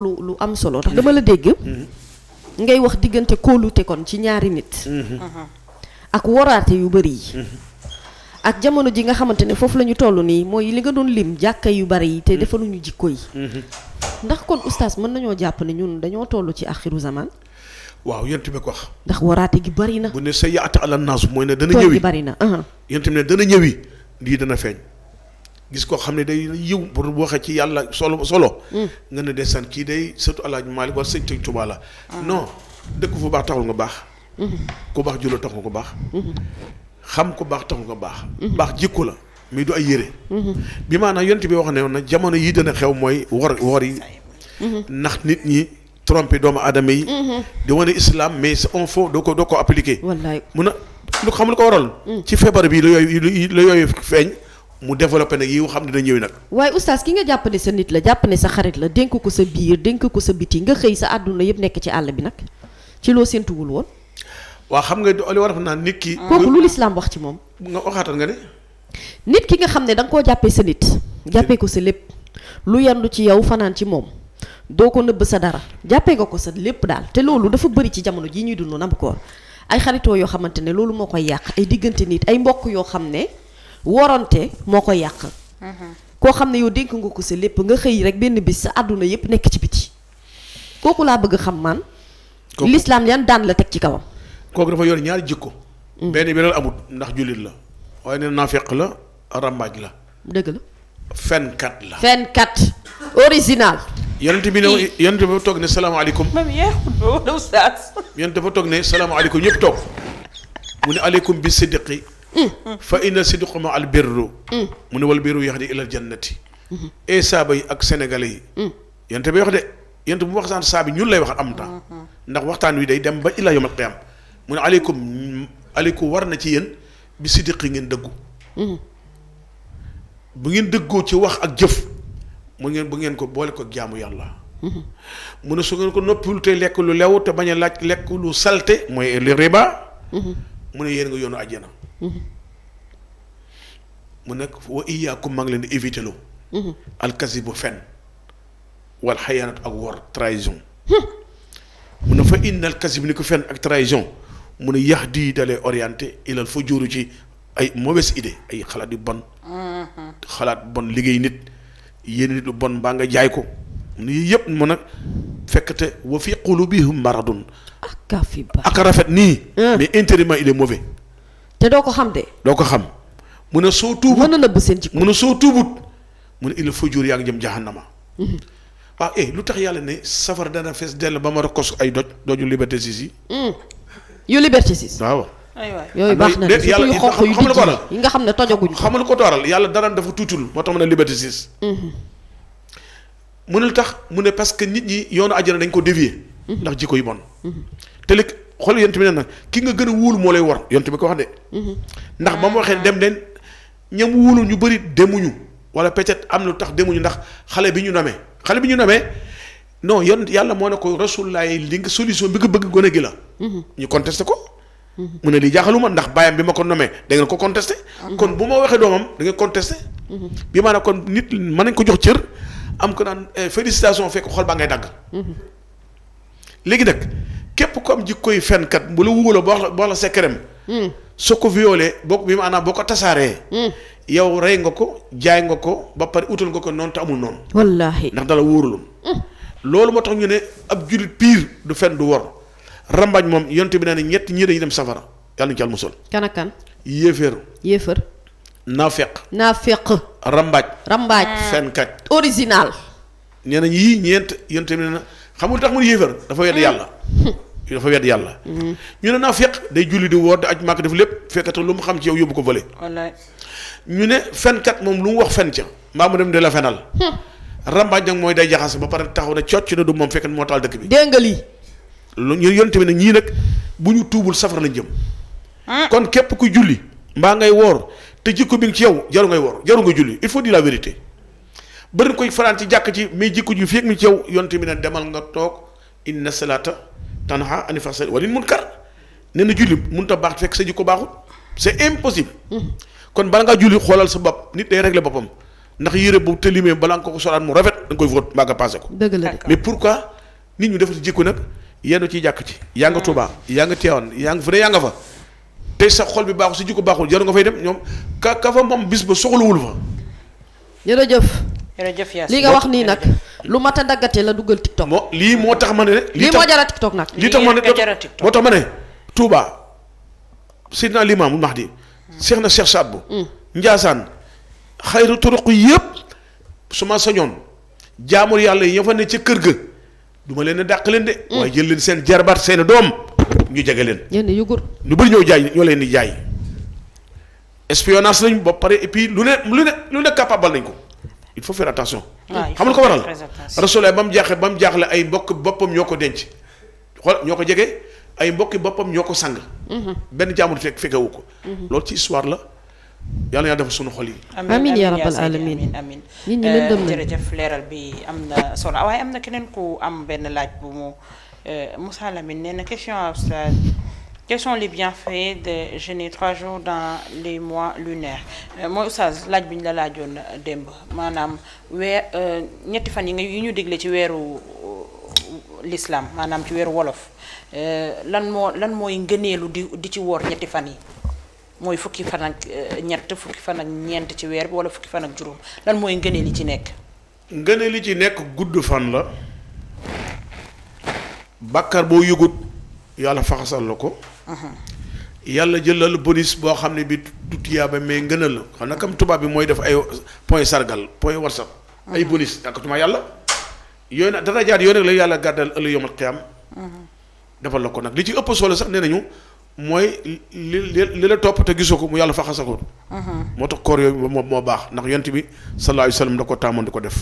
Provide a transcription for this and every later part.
lu am solo ndax mm-hmm. dama la dégg mm-hmm. ngay wax diggante kóolute kon ci ñaari nit mm-hmm. ak waraate yu bari yi ak jamono ji nga xamante ne foofu la ñu toll nii mooy li nga doon lim jàkka yu bëri yi te ñu jikko yi ndax kon oustaz mën nañoo jàpp ne ñun dañoo toll ci axiru zaman waaw yent bi ko ndax waraate gi bëri na bu ne sa yaata ala naas mooy ne dana na uh-huh. yent bi ne dana ñëwi lii dana feeñ gis koo xam ne day yiw pour bu waxee ci yàlla solo solo. Hmm. nga ne desaan kii day surtout El Hadj Malick wala sëñ Sëñ Tuubaa la. Ah. non dëkk fu baax taxul nga baax. Hmm. ku baax julloo taxul nga baax. Hmm. xam ku baax taxul nga baax. baax jikko la mais du ay yëre bi maanaam yonent bi wax ne woon na jamono yi dana xew mooy wor wor yi. ndax nit ñi. trompé doomu aadama yi. di wane islam mais c'est un faux doo ko doo ko appliqué. wallaay mun a lu xam ko waral. ci feebar bi la yooyu la yooyu feeñ. mu développé nag yi xam ne dina ñëw nag. waaye oustaz ki nga jàpp sa nit la jàpp sa xarit la dénk ko sa biir dénk ko sa biti nga xëy sa àdduna yëpp nekk ci àll bi nag ci loo séntuwul woon. waaw xam nga li war a naan nit lu lislaam wax ci moom. nga waxaatal nga ne. nit ki nga xam ne da nga koo jàppee sa nit. jàppee ko sa lépp lu yandu ci yow fanaan ci moom doo ko nëbb sa dara jàppee nga ko sa lépp daal te loolu dafa bëri ci jamono jii ñuy dund nam koor ay xaritoo yoo xamante ne loolu moo koy yàq ay diggante nit ay mbokk yoo xam ne worante moo ko yàq. Mm-hmm. koo xam ne yow dénk nga ko sa lépp nga xëy rek benn bis sa àdduna yépp nekk ci biti kooku laa bëgg xam man. l'islam yan daan la teg ci kawam. kooku dafa yor ñaari jikko. Mm. benn bi amut ndax jullit la waaye naa naafeq la rambaaj la. dëgg la. fenkat la. fenkat original. yonent bi ne yonent ba toog ne salaamaaleykum. moom yeexul ba wala toog ne salaamaaleykum ñëpp toog mu ne aleykum bi siddiqi fa inna sidqa ma mu ne wal birru yahdi ila al jannati e saaba yi ak sénégalais yi mm. yente bay wax de yent bu wax saan saabi ñun lay wax am temps mm-hmm. ndax waxtaan wi day dem ba illa yawmal qiyaam mu ne aleykum aleykum war na ci yéen bi sidqi ngeen dëggu mm-hmm. bu ngeen dëggoo ci wax ak jëf mu ngeen bu ngeen ko boole ko jaamu yàlla mm-hmm. mu ne su ngeen ko noppiwul te lekk lu lew te bañ laaj lekk lu salte mooy riba mu ne yéen nga yoonu àjjana mu nekk wa iyaakum maa ngi leen di éviter loo. Mhm. alkasi bu fen wal xayaanat ak wor trahison. mu ne fa innal kasi bi ni ko fen ak trahison mu ne yax di dalee orienté ilal fa jóoru ci ay mauvaise idée ay xalaat yu bon. Mhm. xalaat bon liggéey nit yéen nit lu bon mbaa nga jaay ko mu yëpp mu nag fekkte wa fi qulubihim maradun. ak rafet nii. Ah. mais intérieurement il mauvais. te doo ko xam de. doo ko xam mu ne soo tuubut mën na nëbb seen jikko mu ne mu ne il faut jur yaa ngi jëm jahannama. waaw mhm. ah, eh lu tax yàlla ne safar dana fees dell ba ma rakkos ay doj doju liberté yi. Mm. yu liberté sis. waaw. aywa yooyu baax na de yàlla xamul ko la yi nga xam ne tojaguñ ko xamul ko tooral yàlla dara dafa tuutul moo tax mu ne liberté sis. Mhm. tax mu ne parce que nit ñi yoonu àjjana dañ ko dévier. Mhm. ndax jikko yu bon. xool yonent bi ne nag ki nga gën a wóolu moo lay war yonent bi ko wax de. Mhm. ndax ba mu waxee ah. dem leen ñam wóolu ñu bëri demuñu wala peut-être am lu tax demuñu ndax xale bi ñu namee xale bi ñu namee non yon yàlla moo ne ko rasulullah link solution bi nga bëgg gone gi la. Mhm. ñu contesté ko. Mhm. mu ne lii jaaxaluma ndax bàyyam bi ma ko nomee da ngeen ko contesté. Ah. kon bu ma waxee doomam da ngeen contesté. bi maanaam kon nit mën nañ ko jox cër am ko naan eh, félicitation fekk xol baa ngay dagg. léegi képp ku am jikkoy fenkat bu la wóoloo boo la boo la hmm. soo ko violé boo bi maanaam boo ko tasaaree hmm. yow rey nga ko jaay nga ko ba pare utal nga ko noonu te amul noonu wallaahi ndax dala wóorulum hmm. loolu moo tax ñu ne ab jullit piir du fen du wor rambaaj moom yonte bi nee na ñett ñii dem safara yàlla ñu ci almusal kan ak kan yéeféer yéeféer naafeq naafeq rambaaj rambaaj ah. fenkat original nee na yii ñeent yonte bi nee na xamul tax mun yéeféer dafa wedd yàlla dafa wedd yàlla. ñu ne naa fekk day julli di woor di aj màkk def lépp fekkata lu mu xam ci yow yóbbu ko fële. ñu ne fenkat moom lu mu wax fen ca mbaa mu dem di la fenal. Hmm. rambaaj nag mooy day jaxase ba pare taxaw na ci na du moom fekkat moo taal dëkk bi. dégg nga lii. lu ñu yoon tamit nag ñii nag bu ñu tuubul safara lañ jëm. Hmm. kon képp ku julli mbaa ngay woor te jikko bi ci yow jaru ngay woor jaru nga julli il faut dire la vérité bëri koy faraan ci jàkk ci ji fii ak mi ci yow yoon tamit nag demal nga toog inna salaata tanha ani fasal walil munkar nee na julli mënut a baax fekk sa jikko baaxut c'est impossible. kon bala nga julli xoolal sa bopp nit day régler boppam ndax yére bu tëlimee balaa nga ko solaat mu rafet da nga koy vote mbaa nga passé ko. dëgg la mais pourquoi nit ñu defati jikko nag yenn ciy jàkk ci. yaa nga Tuubaa yaa nga Tiwaawan yaa nga fu ne yaa nga fa. te sa xol bi baaxul sa jikko baaxul jaru nga fay dem ñoom ka ka fa moom bis ba soxlawul fa. jërëjëf. jërëjëf li nga wax nii nag. lu mat a daggate la dugal TikTok. moo lii moo tax ma ne. lii moo jara TikTok nag. lii tax ma ne moo tax ma ne. Touba Seydina max di Cheikh na Cheikh Saad bu mm. Ndiassane xayru turuq yëpp su ma sañoon jaamur yàlla yi ñoo fa ne ci kër ga duma leen a dàq leen de. Mm. waaye jël leen seen jarbaat seen doom ñu jege leen. ñenn yugur ñu bëri ñoo jaay ñoo leen di jaay. espionnage lañ ba pare et puis lu ne lu ne lu ne capable nañ ko. il faut faire attention. xam nga ko waral Rasulullah ba mu jaaxle ba mu jaaxle ay mbokk boppam ñoo ko denc xool ñoo ko jege ay mbokki boppam ñoo ko sang. Mhm. benn jaamur fekk fekkewu ko. Mhm. loolu ci histoire la. yàlla yaa dafa sunu xol yi. amiin yaa rabbal aalamiin nit ñi leen dem euh, jërëjëf leeral bi am na solo ah, waaye am na keneen ku am benn laaj bu mu euh, Moussa Lamine nee na question quels sont les bienfaits de jeûner trois jours dans les mois lunaires euh, mooy oustaz laaj bi ñu la laajoon euh, démb maanaam weer euh, ñetti fan yi nga yi ñu dégle ci weeru lislaam maanaam ci weeru wolof lan moo lan mooy ngëneelu di di ci woor ñetti fan yi mooy fukki fan ak ñett fukki fan ak ñeent ci weer bi wala fukki fan ak juróom lan mooy ngëneel yi ci nekk ngëneel yi ci nekk gudd fan la bàkkar boo yëgut yàlla faxasal la ko Uh-huh. yàlla jëlal bonus boo xam ne bi du tiyaaba mais ngën a la xam na tubaab bi mooy def ay point sargal point whatsapp uh-huh. ay bonus akatuma yàlla yooyu nag dara jaar yooyu nag la yàlla gàddal ëllëg yomal xiyaam uh-huh. defal la ko nag li ci ëpp solo sax nee nañu mooy li li la topp te gisoo ko mu yàlla fa xasako moo tax koor yooyu moo baax ndax yont bi sallallahu alayhi wa sallam da ko taamoon di ko def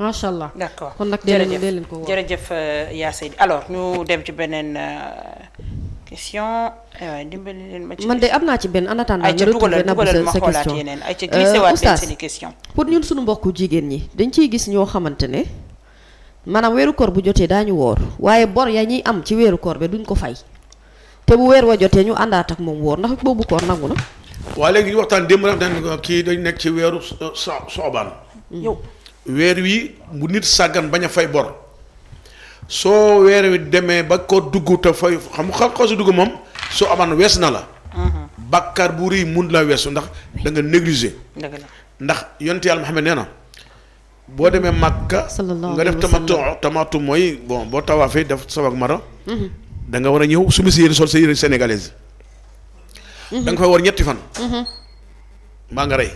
macha allah d' kon nag jërëjëf dee leen ko jërëjëf euh, yaa Seydi alors ñu dem ci beneen euh, question euh, dimbali leen ma ci. man de am naa ci benn en attendant. ayca dugalal dugalal ma xoolaat yeneen ayca glissé question pour ñun suñu mbokku jigéen ñi dañ ciy gis ñoo xamante ne maanaam weeru koor bu jotee daa ñu woor waaye bor yaa ñuy am ci weeru koor bi duñ ko fay te bu weer wa jotee ñu àndaat ak moom woor ndax boobu koor nangu na. waa léegi ñu waxtaan démb nag dañ kii dañ nekk ci weeru so soobaan. yow. weer wi bu nit sàggan bañ a fay bor soo weer wi demee ba ko dugg te fay xam xa xaw si dugg moom soo amaan wees na la. bàkkaar bu rëy mun la weesu ndax da nga négligé. ndax yonent yàlla Muhammad nee na boo demee Màkka. nga def tamatu tamatu mooy bon boo tawaafee def sawak mara. Mhm. da nga war a ñëw su ma si yére sol sa yére sénégalaise. Mhm. da nga fay war ñetti fan. maa mhm. nga rey.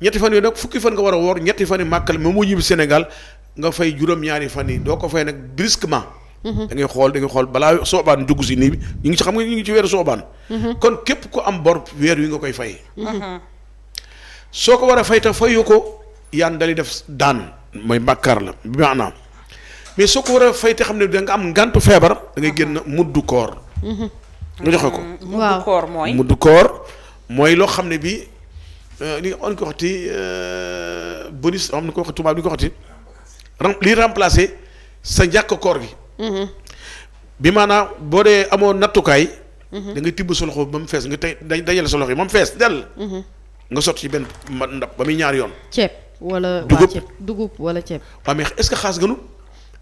ñetti fan yooyu nag fukki fan nga war a woor ñetti fan yi màkkal ma moo ñibbi Sénégal nga fay juróom-ñaari fan yi doo ko fay nag brusquement. Mhm. da ngay xool da ngay xool balaa soobaan dugg si nii ñu ngi ci xam nga ñu ngi ci weeru soobaan. Mhm. kon képp ku am bor weer wi nga koy fay. Mhm. soo ko war a fay te ko yaan dali def daan mooy bàkkaar la bi maanaam mais soo ko war a fay xam ne da nga am ngàntu feebar da ngay génn muddu koor. nga joxe ko. waaw muddu koor mooy. muddu loo xam ne bii. Euh, li on ko waxati euh, bonus am na ko wax tubaab li li remplacer sa njàkk koor gi. Mhm. bi maanaam boo dee amoo nattukaay. Mhm. da ngay tibb sa loxo ba mu fees nga tey dajale sa loxo yi ba mhm. nga sotti ci benn ndab ba muy ñaar yoon. ceeb wala dugub dugub wala ceeb. waaw mais est-ce que xaas gënu.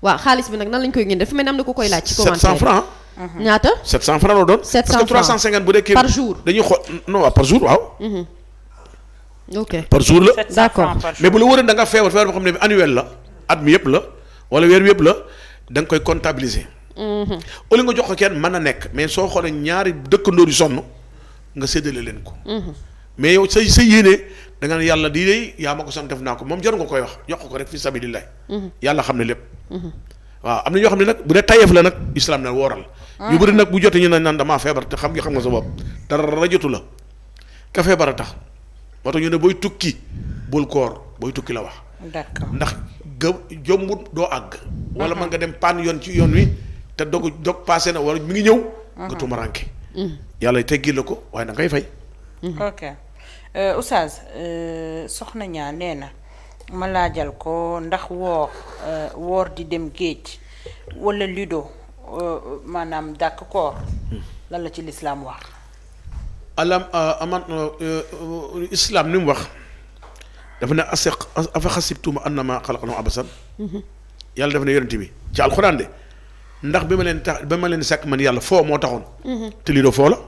xaalis bi nag nan lañ koy génne dafa mel am na ku koy laaj. ci commentaire 700 francs. Uh-huh. ñaata 700 francs la doon. 700 bu dee kii par jour dañuy xool non waaw par jour waaw. ok par jour la. d'accord mais bu la wóoree da feebar feebar boo xam ne bi annuel la at mi yëpp la wala weer wi yëpp la danga koy comptabiliser. Mhm. au nga jox ko kenn mën na nekk mais soo xoolee ñaari dëkkandoo yu sonn nga séddale leen ko. Mhm. mais yow say say yéene da nga yàlla di dey yaa ma ko sant def naa ko moom jaru nga koy wax jox ko rek fi sabilillah. Mhm. yàlla xam ne lépp. waaw am na ñoo xam ne nag bu dee tayeef la nag islam ne wooral. ñu ah. bëri nag bu jotee ñu ne naan damaa feebar te xam nga xam nga sa bopp dara jotu la ka feebar a tax. moo tax ñu ne booy tukki bul koor booy tukki la wax. d'accord ndax gë jombut doo àgg. wala mën nga dem paan yoon ci yoon wi te dogu dog passé na wala mi ngi ñëw. nga tumaranke mm. yàlla teggi la ko waaye da ngay fay. Mm-hmm. ok euh, Oustaz euh, soxna ñaa nee na laa jal ko ndax woor euh, woor di dem géej wala lido maanaam dàq koor mm. lan la ci lislaam wax. alam euh, aman euh, euh, islam ni mu wax dafa ne ase afa xasibtum annama xalaqnakum abasan mm-hmm. yàlla dafa ne yonent bi ci alxuraan de ndax bi ma leen tax ba ma leen sàkk man yàlla foo moo taxoon mm-hmm. te lii doo foo la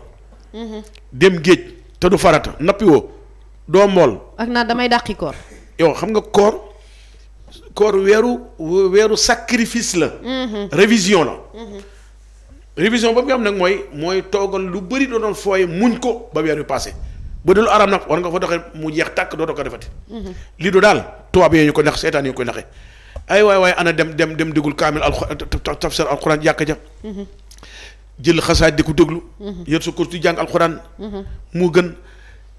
mm-hmm. dem géej te du farata nappi woo doo mbool ak naa damay dàqi koor yow xam nga koor koor weeru weeru sacrifice la révision la révision boobu nga xam nag mooy mooy toogal lu bëri doo doon fooye muñ ko ba weer bi passé ba dul aram nag war nga fa doxee mu jeex tàkk doo ko defati. Mhm. lii du daal tubaab yooyu ñu ko nax seetaan yi koy naxee ay waay waay ana dem dem dem déglu kaamil alxuraan eh, tafsir alxuraan jàkka ja mhm. mhm. sa cours di jàng alxuraan. moo gën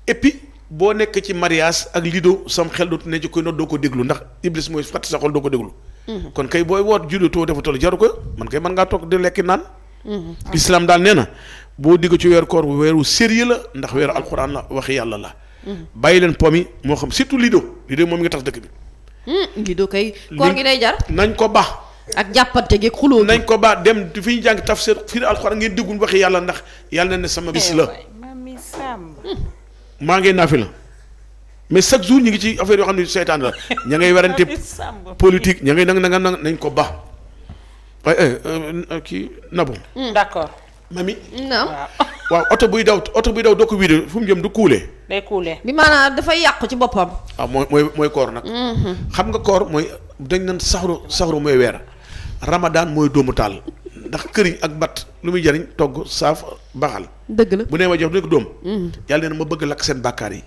et puis boo nekk ci mariage ak lido sam xel dootu ne ci koy noot doo ko déglu ndax iblis mooy fàtt sa xol doo ko déglu. kon kay booy woot juddoo too dafa toll jaru ko man kay mën ngaa toog di lekki naan. Mm-hmm. lislaam daal nee na boo digg ci weer koor weeru sérieux la ndax weeru alxuraan la waxi yàlla la mm-hmm. bàyyi leen pom yi moo xam surtout lido lido moom mi nga tax dëkk bi mm-hmm. lido kay koor gi day jar nañ ko baax ak jàppante gi xuloo nañ ko baax dem di fi ñu jàng tafsir fii alxuraan ngeen déggul waxi yàlla ndax yàlla na ne sama bis la eh maa ngi naafi la mais chaque jour ñu ngi ci affaire yoo xam ne seytaan la ña ngay werante politique ña ngay nang nanga nang nañ ko baax Euh, euh, euh, kii Nabou. Hmm. d'accord. mami. naam waaw oto buy daw oto buy daw doo ko wiide fu mu jëm du kuule. day kuule bi maanaam dafay yàqu ci boppam. waaw ah, mooy mooy koor nag. Hmm. xam nga koor mooy dañ na saxru saxru mooy weer. Ramadan mooy doomu tàll ndax këriñ ak bat lu muy jariñ togg saaf baxal. dëgg la bu nee ma jox du nekk doom. Hmm. yàlla nee na ma bëgg lakk seen bàkkaar yi.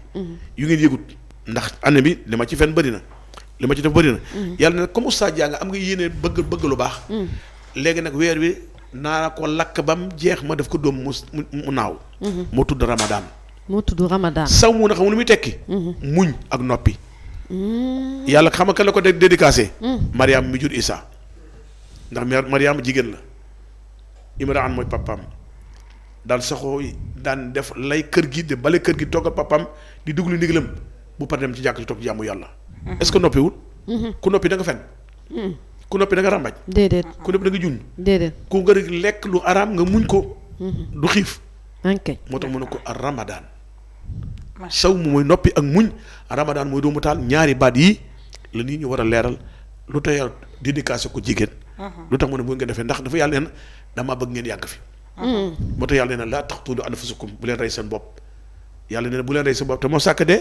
yu ngeen yëgut ndax année bi li ma ci fen bëri na li ma ci def bëri yàlla ne comme oustaz jaa nga baax. léegi nag weer wi naa ko lakk bam jeex ma def ko dóom mu mu naaw. Mhm. moo tudd Ramadan. moo tudd Ramadan. saw mu na xam lu muy tekki. Mhm. muñ ak noppi. Mm. yàlla xam nga la ko dédicacé. Mm. Mariam mi jur Isa ndax Mariam jigéen la Imraan mooy papaam daal saxoo daan def lay kër gi de bale kër gi togg papam di duglu ndigalam bu par dem ci jàkk ci toog jaamu yàlla. Mhm. est-ce ku noppi da fen. Mm. ku noppi da nga ràmbaaj. déedéet ku noppi da nga juñ. déedéet ku nga lekk lu araam nga muñ ko. Mm-hmm. du xiif. ok moo tax mën ne ko ramadaan. saw mu mooy noppi ak muñ ramadaan mooy doomu taal ñaari baat yi la nit ñu war a leeral lu tax yàlla dédicacé ko jigéen. Mm-hmm. lu tax mu ne bu ngeen defee ndax dafa yàlla ne dama bëgg ngeen yàgg fi. Mm-hmm. moo tax yàlla ne laa tax taqtulu anfusakum bu leen rey seen bopp yàlla ne bu leen rey seen bopp te moo sàkk dee.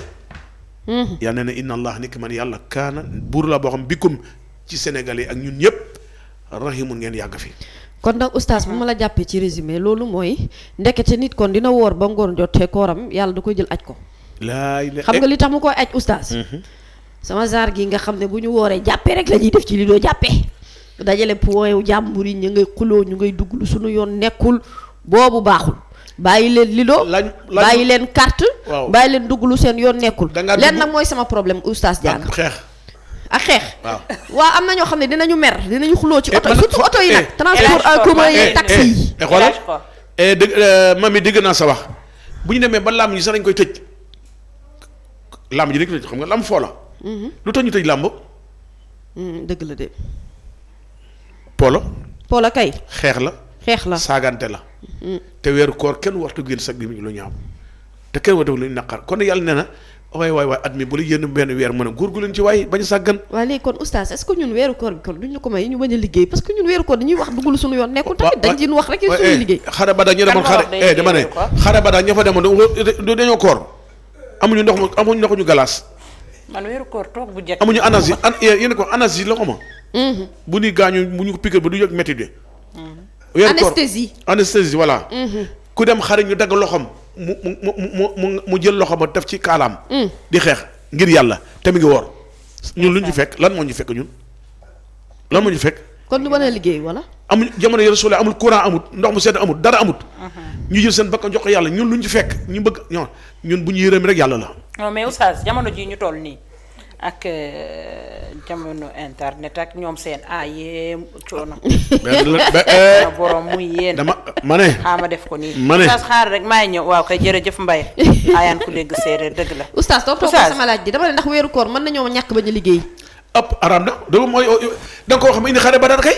yàlla ne nekk man yàlla kaana buur laa boo xam ci yi ak ñun ñëpp rahimun ngeen yàgg fi. kon nag oustaz bu ma la jàppee ci résumé loolu mooy ndekete nit kon dina woor ba ngoon jotee kooram yàlla du koy jël aj ko. laay xam nga eh- li tax mu koy aj oustaz. Mhm. sama genre gi nga xam ne bu ñu wooree jàppee rek la ñuy def ci li jàppee. dajale point jàmbur yi ñu ngay xuloo ñu ngay dugg lu suñu yoon nekkul boobu baaxul. bàyyi leen lido bàyyi leen carte. waaw bàyyi leen dugg lu seen yoon nekkul. leen nag mooy sama problème oustaz Diaga ak xeex. waaw am na ñoo xam ne dinañu mer dinañu xuloo ci eh, oto surtout oto yi eh, nag. Eh, transport en commun yi taxi yi. xoolal dëgg mami dégg naa sa wax bu ñu demee ba làmb yi sax dañ koy tëj làmb ji dañ koy xam nga làmb foo mhm. lu tax ñu tëj làmb. Mm, dëgg la de. Polo. Polo kay. xeex la. xeex la saagante la. Mm. te weeru koor kenn wartu génn sag bi lu ñaaw te kenn wartu lu naqar kon yàlla nee na. waay waay waay bu la yéen benn weer mën a góorgóorlu leen ci waay bañ a sàggan waaw kon oustaz est ñun weeru koor bi kon duñ ñu ko may ñu bañ a liggéey parce que ñun weeru koor dañuy wax dugul suñu yoon nekkul tamit dañ eh, ba eh, eh, koor amuñu ndox amuñu ndox galaas amuñu anas yi anas yi la ma mm-hmm. bu ñuy gaañu bu ñu ko piqué ba du yëg métti de mm-hmm. weeru koor anesthésie anesthésie mm-hmm. ku dem xare ñu dagg loxom mu mu mu mu mu mu jël loxo ba def ci kaalaam. Mm. di xeex ngir yàlla te mi ngi woor. ñun lu ñu fekk lan moo ñu fekk ñun lan moo ñu fekk. kon lu mën a liggéey wala. amul jamono yu Rasulullah amul courant amut ndox mu sedd amut dara amut. Uh-huh. ñu jël seen bakkan jox ko yàlla ñun lu ñu ci fekk ñu bëgg ñoom ñun bu ñu yërëm rek yàlla la. non jamono jii ñu toll nii. ak euh, jamono internet ak ñoom seen aayee coono. Euh, borom mu yéen. dama ma ne. xaama ah, def ko nii. ma ne xaar rek maa ngi ñëw waaw kay jërëjëf Mbaye. ayaan ku dégg séeréer dëgg la. oustaz doo toog sama laaj bi dama ne ndax weeru koor mën nañoo ñàkk ba ñu liggéey. ëpp araam na doo mooy oh, oh, da nga ko xam indi xare Badar kay.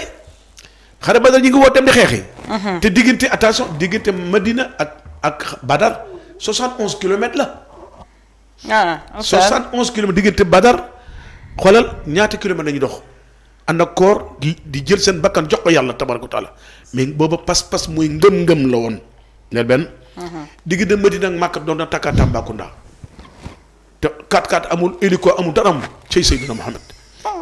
xare Badar ñi ngi woo dem di xeexi. Mhm. te diggante attention diggante dina ak ak Badar 71 kilomètres la. ah ok 71 kilomètres diggante Badar xoolal ñaata kilomètres la ñu dox ànd ak koor di jël seen bakkan jox ko yàlla tabaraka taala mais booba pas-pas muy ngëm-ngëm la woon. neel benn. Uh-huh. diggante Medina ak Makka doon na takka Tambacounda te 4-4 amul hélico amul dara amul cey Seydina Muhammad.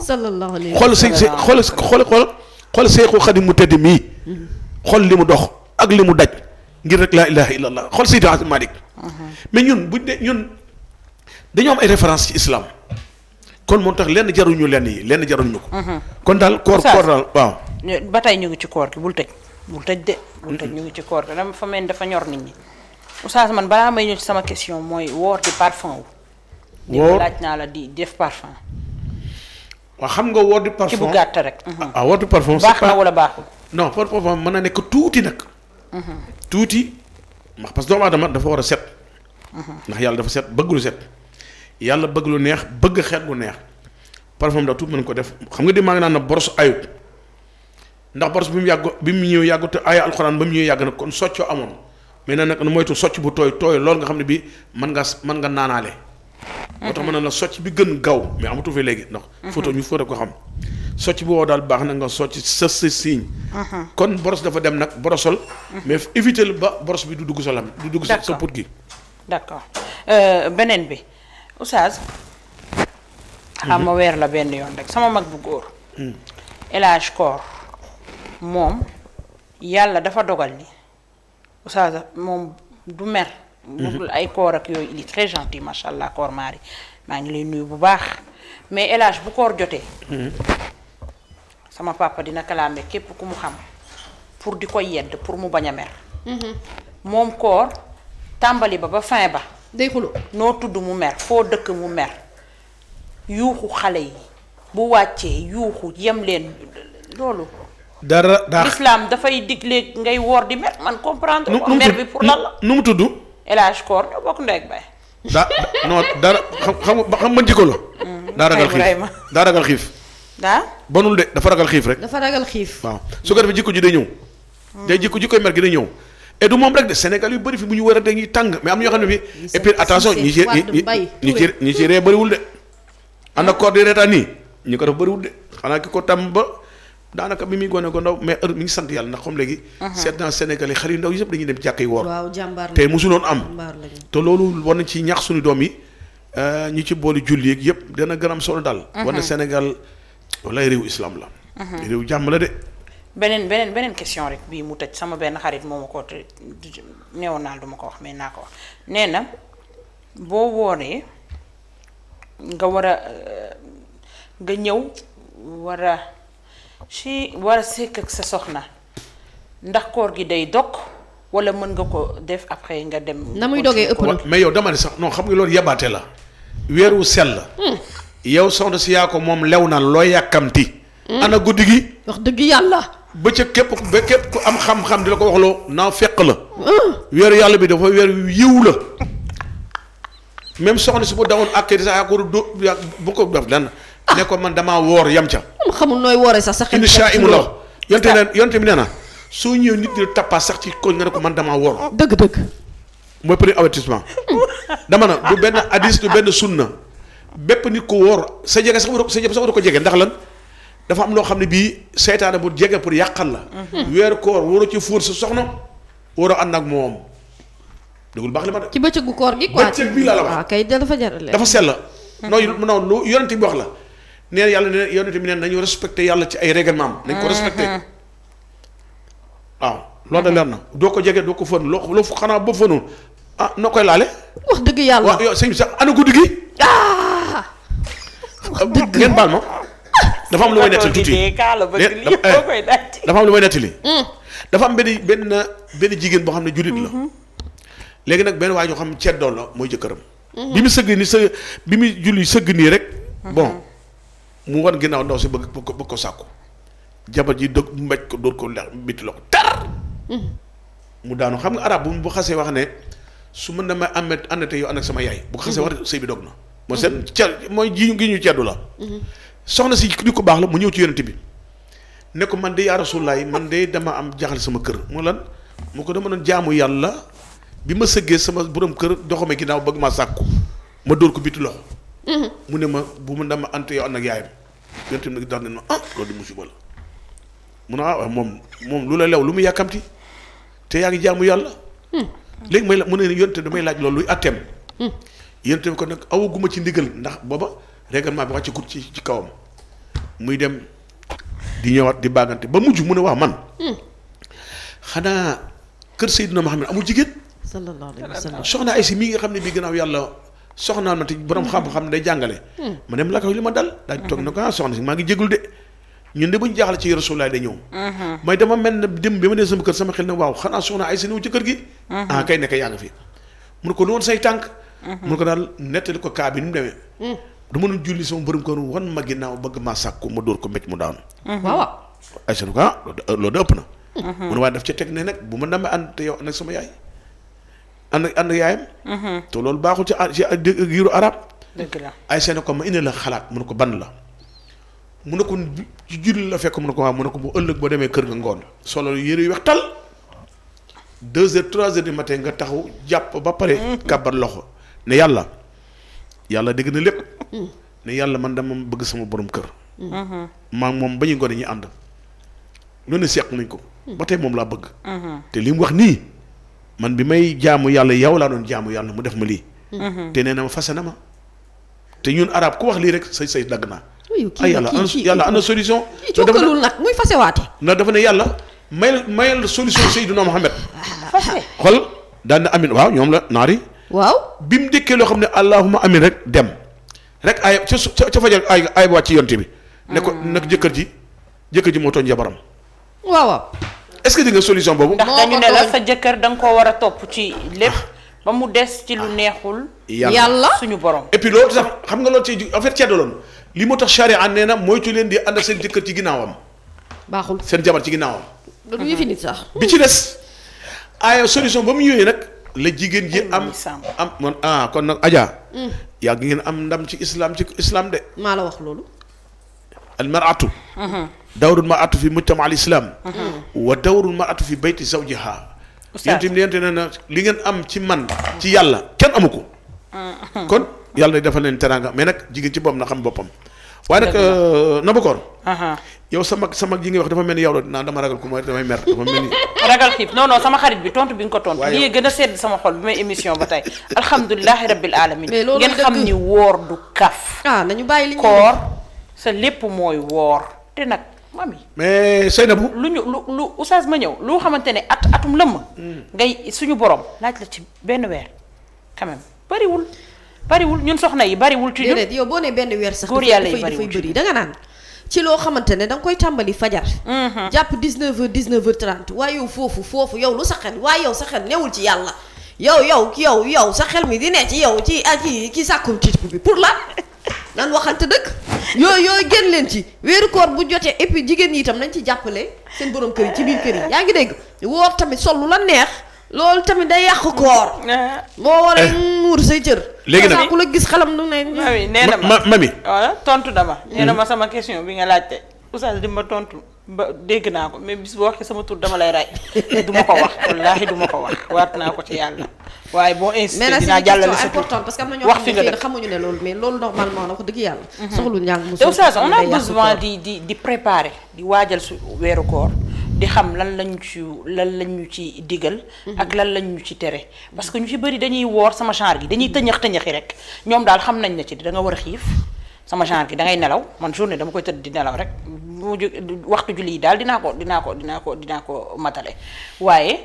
sallallahu alayhi wa sallam xool si xool xool xool Seexu Xadim mu tedd mii. Mm-hmm. xool li mu dox ak li mu daj ngir rek laa ilaha illallah xool Seydi Malick uh-huh. mais ñun buñ ñun. dañoo am ay référence ci islam kon moo tax lenn jaruñu lenn yi lenn jaruñu ko. Mhm. kon daal koor koor daal waaw. ba tey ñu ngi ci koor gi bul tëj. bul tëj de. bul tëj ñu ngi ci koor gi dama fa mel dafa ñor nit ñi. Oustaz man balaa may ñëw sama question mooy woor di parfum wu. woor di laaj naa la di def parfum. waaw xam nga woor di parfum ci bu gàtt rek. ah, mhm. ah woor di parfum. baax na wala baaxul. non parfum mën na nekk tuuti nag. Mhm. tuuti ndax parce que doomu aadama dafa war a set. ndax yàlla dafa set bëgg lu set. yàlla bëgg lu neex bëgg xeet bu neex parfum daal tuut mën ko def xam nga di maa ngi naan na boros ayut ndax boros bi mu yàgg bi mu ñëw yàggu ay aaya alxuraan ba mu ñëw yàgg nag kon soccoo amoon mais nag nag moytu socc bu tooy tooy loolu nga xam ne bii mën nga naanaale. moo tax man ne na socc bi gën gaw mais amatu fi léegi ndax. Mhm. photo ñu foto ko xam. socc bu wow daal baax na nga socc sës sa siiñ. Mhm. kon boros dafa dem nag borosol. Mhm. mais éviter ba boros bi du dugg sa lam du dugg sa put gi. d'accord euh, beneen bi. oustaz xam mhm. ma weer la benn yoon rek sama mag bu góor mm. El Hadj moom yàlla dafa dogal ni oustaz moom du mer bëggul mhm. ay koor ak yooyu il est très gentil macha allah koor maari maa ngi lay nuyu bu baax mais El bu koor jotee mm. sama papa dina kalaame képp ku mu xam pour di ko yedd pour mu bañ a mer moom mhm. koor tàmbali ba ba fin ba day xuloo noo tudd mu mer foo dëkk mu mer yuuxu xale yi bu wàccee yuuxu yem leen loolu. dara daa lislaam dafay digle ngay woor di mer man comprendre. nu mer pour lan la nu mu tudd. El Hadj Koor ñoo bokk ndey ak baay. daa non dara xam ma jikko la. Mm-hmm. daa ragal xiif daa banul de dafa ragal xiif rek. dafa ragal xiif. waaw su ko defee jikko ji day ñëw. Mm. day jikko jikkoy mer gi day ñëw. et moom rek de Sénégal yu bëri fi bu ñu war a ñuy tàng mais am na ñoo xam ne bi et puis attention ñi ci ñi ñi ci ñi ci ree bëriwul de am na koor ah. di nii ñi ko def bëriwul de xanaa ki ko tam ba daanaka mi muy gone ko ndaw mais heure mi ngi sant yàlla ndax comme léegi seet naa Sénégal yi xale yu ndaw yëpp dañuy dem jàkk yi woor su mosuloon am te loolu war na ci ñax suñu doom yi euh, ñu ci boolu julli yëpp dana gën am solo daal uh-huh. war na Sénégal wallaay réew islam la uh-huh. réew jàmm de beneen beneen beneen question rek bii mu tëj sama benn xarit moo ma ko neewoon naa du ma ko wax mais naa ko wax nee na boo wooree nga war a euh, nga ñëw war a war a sekk ak sa soxna ndax koor gi day dog wala mën nga ko def après nga dem. na muy dogee ëpp mais yow dama ne sax non xam nga loolu yabaate la. weeru sell. Hmm. yow soxna si yaa ko moom lew na loo yàkkamti. Hmm. ana guddi gi. wax dëgg yàlla. ba ca képp ba képp ku am xam-xam di la ko wax loo naa feq la. weer yàlla bi dafa weer yiw la. même soxna si bu dawoon ak sax yaa ko bu ko def lenn ne ko man damaa woor yam ca. xamul nooy wooree sa xel. incha imu la yonte ne nee na soo ñëwee nit ñi tappaas sax ko man damaa woor. dëgg dëgg. mooy premier avertissement. dama na du benn hadis du benn sunna bépp nit ko woor sa jege sax war sa jege sax war ko jege ndax lan. dafa am loo xam ne bii seytaane bu jege pour yàqal la. Mhm. weer koor waroo ci fóor sa soxna waroo ànd ak moom. déglu baax li ma de. ci bëccëgu koor gi quoi bëccëg bi la la wax. waaw ah, kay dafa jar dafa la. neen yàlla ne yonent bi respecté yàlla ci ay règlement nañ ko mhm. respecté waaw loolu da mhm. leer na doo ko jege doo ko fën loo xanaa boo fënul ah noo koy laale wax dëgg yàlla waaw yow sëñ bi sax ana guddi ah! Ah, ngeen baal ma dafa am lu may nettali tuuti eh, eh, dafa am lu may nettali hmm. dafa am benn benn benn jigéen boo xam ne jullit la mm-hmm. léegi nag benn waa joo xam ceddoo la mooy jëkkëram mm-hmm. bi mu sëgg ni sa bi mu julli sëgg nii rek mm-hmm. bon mu wan ginnaaw ndaw si bëgg bëgg ko sàkku jabar ji dëkk mbéj ko dóor ko lex bitti la ko tar mu daanu xam nga arab bu mu bu xasee wax ne su mën na ma amet àndate yow ànd ak sama yaay bu ko xasee wax sëy bi dog na moo seen cer mooy ji gi ñu ceddu la soxna si nit ko baax la mu ñëw ci yonent bi ne ko man de yaa rasulaay man de dama am jaaxle sama kër mu lan mu ko dama doon jaamu yàlla bi ma sëggee sama borom kër doxame ginnaaw bëgg maa sàkku ma dóor ko bitu loxo mu ne ma bu dama ant yow ànd nag dax ne ma ah loolu di musiba la ah, moom moom lu la lew lu mu yàkkamti te yaa ngi jaamu yàlla léegi may la mu ne yonent damay laaj loolu luy atteem yonent bi ko nag awaguma ci ndigal ndax booba règlement bi wàccagut ci ci kawam muy dem di ñëwaat di bàggante ba mujj mu ne waaw man. Hmm. xanaa kër Seydina Muhammad amul jigéen. sallallahu alayhi wa sallam soxna Aysi mii nga xam ne bii gannaaw yàlla soxnaan ma te borom hmm. xam-xam ne day jàngale. Hmm. ma dem la ko li ma dal. daañu toog na ko ah soxna si maa ngi jégul de. ñun de bu ñu jaaxle ci Rasulullah day ñëw. may dama mel na dem bi ma nee sama kër sama xel ne waaw xanaa soxna Aysa ñëw ci kër gi. ah kay nekk yaa ngi fi. mun ko noonu say tànk. mun ko daal nettali ko kaa du mënul julli sama borom kër wan ma ginnaaw bëgg maa sàkku ma dóor ko mbéj mu daanu. Mm-hmm. ay seen ko ah loolu de ëpp na. Mm-hmm. mu ne waaye daf ca teg ne nag bu ma demee ànd te yow ànd ak sama yaay. ànd ak ànd yaayam. Mm-hmm. te loolu baaxul ci ci giiru arab. dëgg la ay seen ko ma indi la xalaat mu ne ko ban la. mun ne ko ci julli la fekk mu ne ko waaw mu ne ko bu ëllëg boo demee kër nga ngoon solo yére yu weex tal. deux heures trois heures du matin nga taxaw jàpp ba pare. kàbbar loxo ne yàlla. yàlla dégg na lépp mm. ne yàlla man dama bëgg sama boroom kër mm. mm-hmm. maa moom ba ñu gone ñu ànd lu ne seq nañ ko mm. ba tey moom laa bëgg mm-hmm. te li mu wax nii man bi may jaamu yàlla yow laa doon jaamu yàlla mu def ma lii mm-hmm. te nee na fase na ma te ñun arab ku wax lii rek say say dagg naa ay yàlla yàlla am na solution cookalul nag muy fasewaate na dafa ne yàlla mayal mayal solution Seydina Mohamed fase xol daan na amin waaw ñoom la naari waaw bi mu dëkkee loo xam ne allahuma amin rek dem rek ay ca su ca ay ay wàcc ci yonte bi. ne ko hmm. nag jëkkër ji jëkkër ji moo tooñ jabaram. waaw waaw. est-ce que di solution boobu. ndax dañu ne la sa jëkkër danga nga koo war a topp ci lépp. Ah. ba mu des ci lu ah. neexul. yàlla suñu borom. et loolu sax xam nga loolu ci en fait ceddo li moo tax charia nee na ci leen di ànd seen jëkkër ci ginnaawam. baaxul seen jabar ci ginnaawam. du ñu fi sax. bi ci des. ay solution ba mu ñëwee nag la jigéen ji am am man ah kon nag Adja. Mm. yàgg ngeen am ndam ci islaam ci islam de. maa la wax loolu. almaratu. Mm-hmm. dawrul maratu fi mujtama al islam. Mm-hmm. wa dawrul maratu fi bayti zawjiha. ustaas yéen itam na li ngeen am ci man. ci yàlla kenn amu ko. Mm-hmm. kon yàlla defal leen teraanga mais nag jigéen ci boppam na xam boppam. waaye nag euh, Nabokor. Uh-huh. yow sa mag sa mag yi ngay wax dafa mel ni yow la naan dama ragal ku ma damay mer dafa mel ni ragal xiif non non sama xarit bi tontu bi nga ko tontu lii gën a sedd sama xol bi may émission ba tey alhamdulilahi rabbil alamin ngeen xam ni woor du kaf ah, bàyyi li koor sa lépp mooy woor te nag mami mais Seynabou lu ñu lu lu oustaz ma ñëw lu xamante ne at atum lëmm hmm. ngay suñu borom laaj la ci benn weer quand même bariwul bariwul ñun soxna yi bariwul ci ñun yow boo ne benn weer sax góor yàlla yi bariwul naan ci loo xamante ne da nga koy tàmbali fajar. Mm-hmm. jàpp 19h 19h30 waaye yow foofu foofu yow lu sa xel waaye yow sa xel newul ci yàlla yow yow yow yow sa xel mi di ne ci yow ci ak ah, ci ci sàkkum tiit bi pour la nan waxante dëkk yooyu yooyu génn leen ci weeru koor bu jotee et jigéen ñi itam nañ ci jàppale seen borom kër yi ci biir kër yi yaa ngi dégg woor tamit sol lu la neex. loolu tamit day yàq koor. Eh. boo war a eh. muur say cër. léegi nag ku la gis xalam du ne. mami nee na ma mami. voilà tontu dama. nee na ma hmm. sama question bi nga laajte. oustaz di ma tontu ba dégg naa ko mais bis boo waxee sama tur dama lay ray du ma ko wax wallaahi du ma ko wax waat naa ko ci yàlla. waaye boo insisté dinaa jàllale c'est important parce que am na ñoo xam ne xamuñu ne loolu mais loolu normalement na wax dëgg yàlla mhm. soxlu njàng mu on a besoin di di di préparer di waajal su weeru koor di xam lan lañu ci lan lañu ci digal mhm. ak lan lañu ci tere parce que ñu ci bëri dañuy woor sama genre gi dañuy tëñax tëñaxi rek ñoom daal xam nañ na ci da nga war a xiif sama genre gi da ngay nelaw man journée dama koy tëdd di nelaw rek mu waxtu julli yi daal dinaa ko dinaa ko dinaa ko dinaa ko matale waaye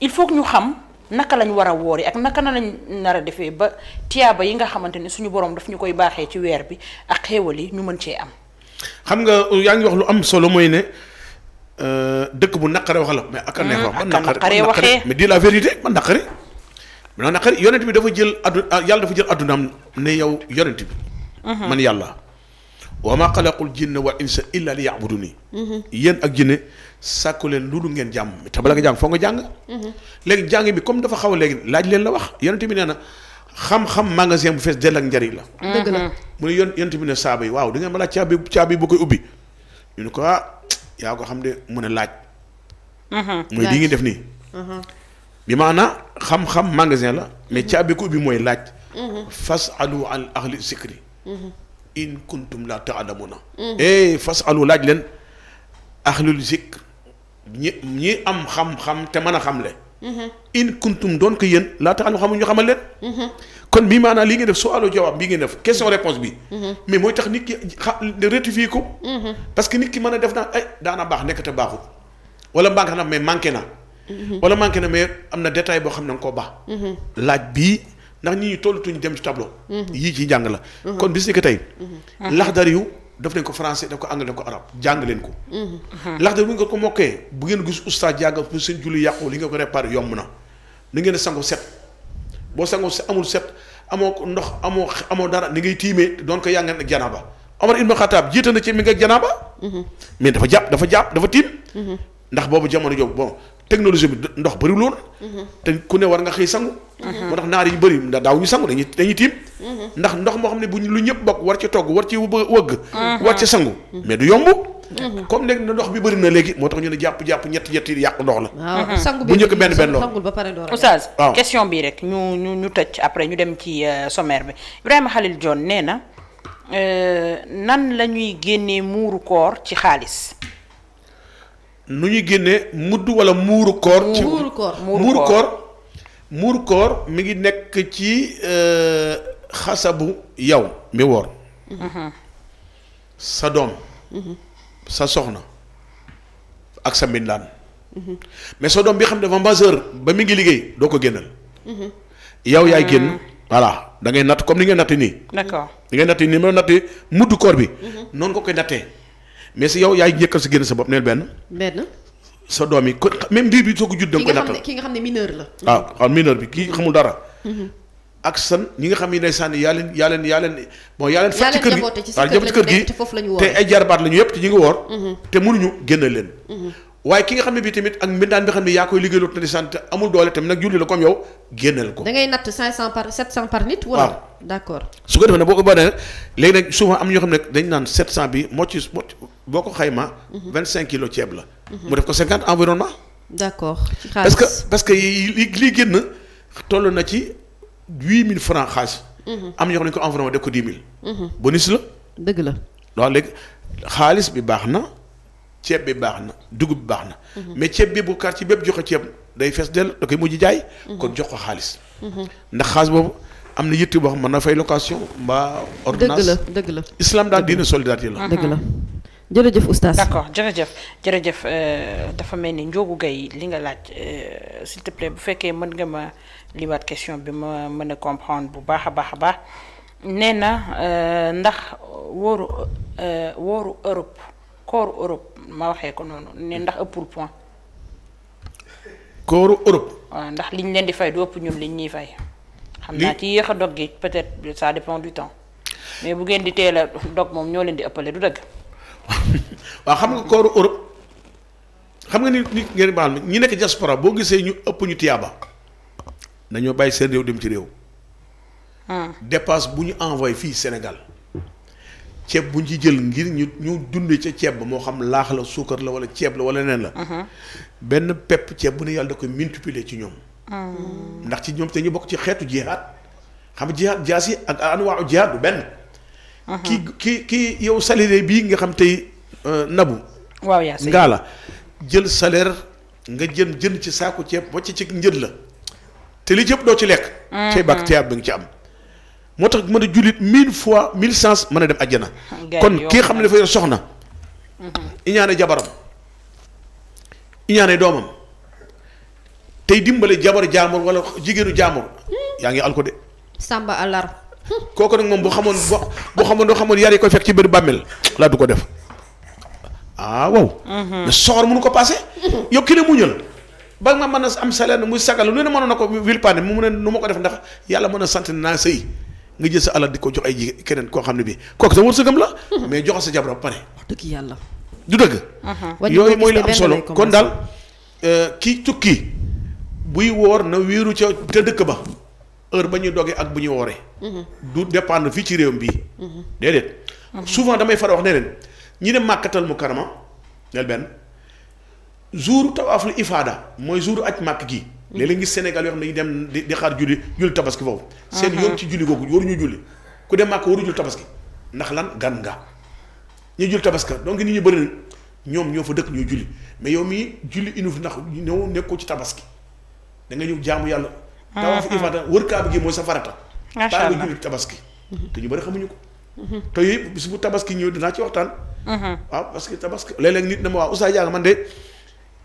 il faut que ñu xam naka lañ war a woori ak naka na lañ nara defee ba tiyaaba yi nga xamante ni suñu borom daf ñu koy baaxee ci weer bi ak xéewal yi ñu mën cee am. xam nga euh, yaa ngi wax lu am solo mooy ne euh, dëkk bu naqare wax la. mais ak a neex mm, man naqare waxee mais dis la vérité man naqare. mais naqare yonent bi dafa jël addu ah, yàlla dafa jël addunaam ne yow yonent bi. Mm-hmm. man yàlla. wa ma xalaqul jinna wal insa illa li yabuduni mhm. yéen ak jinne sàkku leen lu dul ngeen jàmm te bala nga jàng foo nga jàng mhm. léegi jàng bi comme dafa xaw a léegi laaj leen la wax yonent bi nee na xam-xam magasin bu fees dell ak njariñ la mhm. dëgg la mu ne yon yonent bi ne saaba yi waaw da ngeen ma laaj caabi caabi bu koy ubbi ñu ne ko ah yaa ko xam de mun a laaj mooy lii ngi def nii bi maanaa xam-xam magasin la mais caabi ko ubbi mooy laaj fas alu al ahli sikri in kuntum la taalamuuna mm-hmm. eh fasalu laaj leen ahlul zikr ñi ñi am xam-xam te man a xamle mm-hmm. in kuntum doon ko yéen laa taalamu xamu ñu xamal leen mm-hmm. kon bii maanaa li nga def sualo jawaab bii ngeen def question réponse bi mais mooy tax nit ki xa rectifier ko parce que nit ki mën a def naa ay eh, daana baax nekk te baaxut wala mbaa nga xam mais manqué na wala manqué na mais am na détail boo xam ne nga koo baax laaj bii ndax ñi ñu tollatuñ dem ci tableau. Mhm. yii ci njàng la. Mhm. kon bis ni que tey. Mhm. laxdar yu daf leen ko français daf ko anglais ko arab jàng leen ko. lax bu nga ko mokkee bu ngeen gis oustaz jàng pour seen julli yàqu li nga ko réparé yomb na ni ngeen sango set boo sango amul set amoo ko ndox amoo amoo dara ni ngay tiime tiimee doon ko yàngal ak janaaba Omar Ibn Khattab jiite na ci mi nga ba mais dafa jàpp dafa jàpp dafa tiim. ndax boobu jamono joobu bon technologie bi ndox bëriwul woon. te ku ne war nga xëy sangu. moo tax naar yi bëri ndax daaw ñu sangu dañuy tiim. ndax ndox moo xam ne bu ñu lu ñëpp bokk war ci togg war ci wëgg. war ci sangu mais du yomb. comme léegi ndox bi bëri na léegi moo tax ñu ne jàpp jàpp ñett ñett yi yàqu ndox la. sangu bu njëkk benn benn lool sangul ba pare door question bi rek ñu ñu ñu tëj après ñu dem ci euh, sommaire bi Ibrahima Khalil Dione nee na euh, nan la ñuy génnee muuru koor ci xaalis nu ñuy génne mudd wala muuru koor. ci muuru koor muuru koor. muuru mi ngi nekk ci euh, xasabu yow mi woor. Mhm. sa doom. Mhm. sa soxna ak sa mbindaan. Mhm. mais sa doom bi xam ne dafa majeur ba mi ngi liggéey doo ko génnal. yow yaay ah. génn. voilà da ngay natt comme li ngay natt nii. d'accord ni ngay natt mudd koor bi. noonu ko koy nattee. mais si yow yaay jëkkal si génn sa bopp neel benn. benn. sa doom yi ko bi soo ko judd da nga koy ki nga xam ne mineur la. waaw ah, ah, waaw mineur bi kii mhm. xamul dara. Mhm. ak san ñi nga xam ne ndeysaan yaa leen yaa leen yaa leen bon yaa leen fat ci kër gi yaa leen jaboote ci kër gi te ay jarbaat la ñu yëpp te ñu ngi woor. Mhm. te mënuñu génne leen. waaye ki nga xam ne bii tamit ak mbindaan bi xam ne yaa koy liggéeyaloo te di sant amul doole tamit nag julli la comme yow génneel ko. da natt 500 par 700 par nit. waaw wala ah. d' accord. su ko am ñoo xam ne dañ d' accord ci mhm. mhm. xaalis parce que parce que li li génn toll na ci 8000 francs xaalis. Mhm. am ñoo xam ne ko environnement def ko 10 000. bonus la. dëgg la waaw léegi xaalis bi baax na. ceeb bi baax na dugub bi baax na. mais ceeb bi bu quartier bépp joxe ceeb day fees dell da koy mujj jaay. kon jox ko xaalis. ndax xaalis boobu am na yitt boo xam mën na fay location mbaa ordonnance la dëgg la islam daal diine solidarité la. dëgg la jërëjëf oustaz. d'accord jërëjëf jërëjëf euh, dafa mel ni Ndiogou Gaye li nga laaj euh, s'il te plaît bu fekkee mën nga ma liwaat question bi ma mën a comprendre bu baax a baax a baax nee na euh, ndax wóoru wóoru Europe. kooru Europe ma waxee ko noonu ne ndax ëppul point. kooru Europe. waaw ndax liñ leen di fay du ëpp ñun liñ ñuy fay. xam naa ci yéex a dog gi peut-être ça dépend du temps mais bu ngeen di teel a dog moom ñoo leen di ëppale du dëgg. waaw xam nga kooru Europe xam nga ni nit ngeen baal mi ñi nekk diaspora boo gisee ñu ëpp ñu tiyaaba dañoo bàyyi seen réew dem ci réew. Hmm. dépasse bu ñu envoyé fii Sénégal. ceeb bu ñu ci jël ngir ñu ñu dundee ca ceeb ba moo xam laax la suukar la wala ceeb la wala neen la. Mhm. benn pepp ceeb bu ne yàlla da koy multiplier ci ñoom. Mm. ndax ci ñoom te ñu bokk ci xeetu jihaad xam nga jihaad jaas ak anwaaru jihaad du benn. Mhm. ki ki ki yow salaire bii nga xam tey euh, nabu. waaw yaa ngaa la jël salaire nga jën jën ci saaku ceeb wàcc ci njël la te li jëpp doo ci lekk. cay mm-hmm. bàq ceeb bi nga ci am. moo tax mën a jullit mille fois mille mën a dem àjjana kon kii xam ne dafa yor soxna mm-hmm. iñaane jabaram iñaane doomam tey dimbale jabar jaamur wala jigéenu jaamur yaa ngi al ko de sàmba alar ko nag moom bu xamoon bu xamoon doo xamoon yar yi koy fekk ci biir bàmmeel laa du ko def ah waaw mm-hmm. mais soxor mënu ko passé yow ki ne muñal ba nga mën a am salaire muy sagal lu ne mënoon na ko vilpaane mu ne nu ma ko def ndax yàlla mën a sant naa sëy nga jël sa alal di ko jox ay ji keneen koo xam ne bii kook sa wërsëgam la. mais jox sa jabar ba pare. wax dëgg yàlla. du dëgg. Uh-huh. yooyu mooy li am solo kon daal euh, kii tukki buy woor na wéeru ca te dëkk ba heure ba ñuy dogee ak bu ñuy wooree. Uh-huh. du dépendre fii ci réew mi bii. Uh-huh. déedéet. souvent damay fara wax ne leen ñi dem màkkatal mu karama nel benn jour tawaaful ifaada mooy jour aj màkk gi. léeg-léeg ngi Sénégal yoo xam ne dem di xaar julli julli tabaski foofu seen yoon ci julli googu waruñu julli ku dem màkk waru julli tabaski ndax lan gan nga ñu julli tabaski donc ñi bëri na ñoom ñoo fa dëkk ñoo mais yow mii julli inuf ndax ñëw nekkoo ci tabaski da nga ñëw jaamu yàlla tawaaf ifaada wër kaaba gi mooy sa farata baa nga julli tabaski mhm. te ñu bëri xamuñu ko mhm. te yooyu bis bu tabaski ñëw dinaa ci waxtaan mhm. waaw parce que tabaski léeg-léeg nit na ma waaw Oustaz Diaga man de